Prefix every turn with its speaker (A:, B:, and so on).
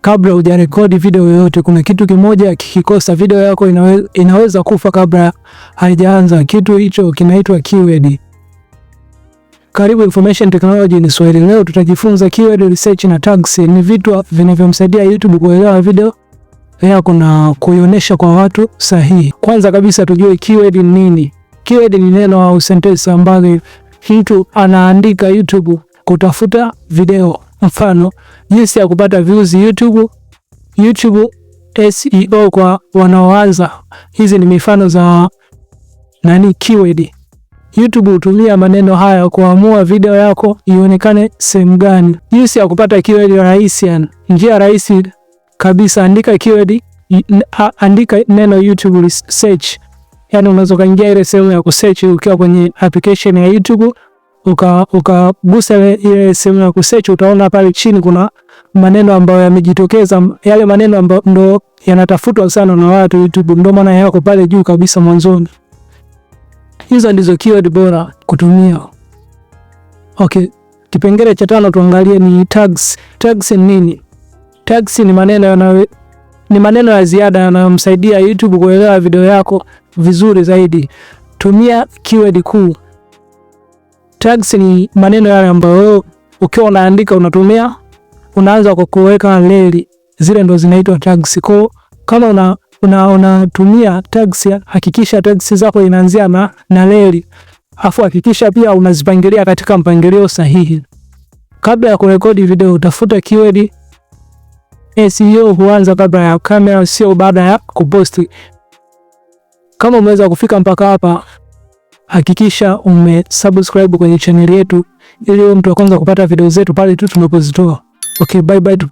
A: kabla hujarekodi video yoyote, kuna kitu kimoja kikikosa, video yako inaweza, inaweza kufa kabla haijaanza. Kitu hicho kinaitwa keyword. Karibu Information Technology ni Swahili. Leo tutajifunza keyword research na tags. Ni vitu vinavyomsaidia YouTube kuelewa video yako na kuionyesha kwa watu sahihi. Kwanza kabisa tujue keyword ni nini. Keyword ni neno au sentence ambalo mtu anaandika YouTube kutafuta video Mfano, jinsi ya kupata views YouTube, YouTube SEO kwa wanaoanza. Hizi ni mifano za nani, keyword. YouTube hutumia maneno haya kuamua video yako ionekane sehemu gani. Jinsi ya kupata keyword rahisi, yani njia rahisi kabisa, andika keyword, andika neno YouTube search, yani unaweza kaingia ile sehemu ya kusearch ukiwa kwenye application ya YouTube ukagusa ile sehemu ya kusearch utaona pale chini kuna maneno ambayo yamejitokeza, yale maneno ambayo ndo yanatafutwa sana na watu YouTube, ndo maana yako pale juu kabisa mwanzoni. Hizo ndizo keyword bora kutumia. Okay, kipengele cha tano tuangalie ni tags. Tags ni nini? Tags ni maneno yanayo ni maneno ya ziada yanayomsaidia YouTube kuelewa video yako vizuri zaidi. Tumia keyword kuu. Tags ni maneno yale ambayo ukiwa unaandika unatumia unaanza kwa kuweka leli, zile ndo zinaitwa tags. Kwa kama una una unatumia tags, hakikisha tags zako inaanzia na, na leli, afu hakikisha pia unazipangilia katika mpangilio sahihi. Kabla ya kurekodi video, utafuta keyword. SEO huanza kabla ya kamera, sio baada ya kuposti. Kama umeweza kufika mpaka hapa Hakikisha umesubscribe kwenye chaneli yetu ili mtu wa kwanza kupata video zetu pale tu tunapozitoa. Okay, bye bye.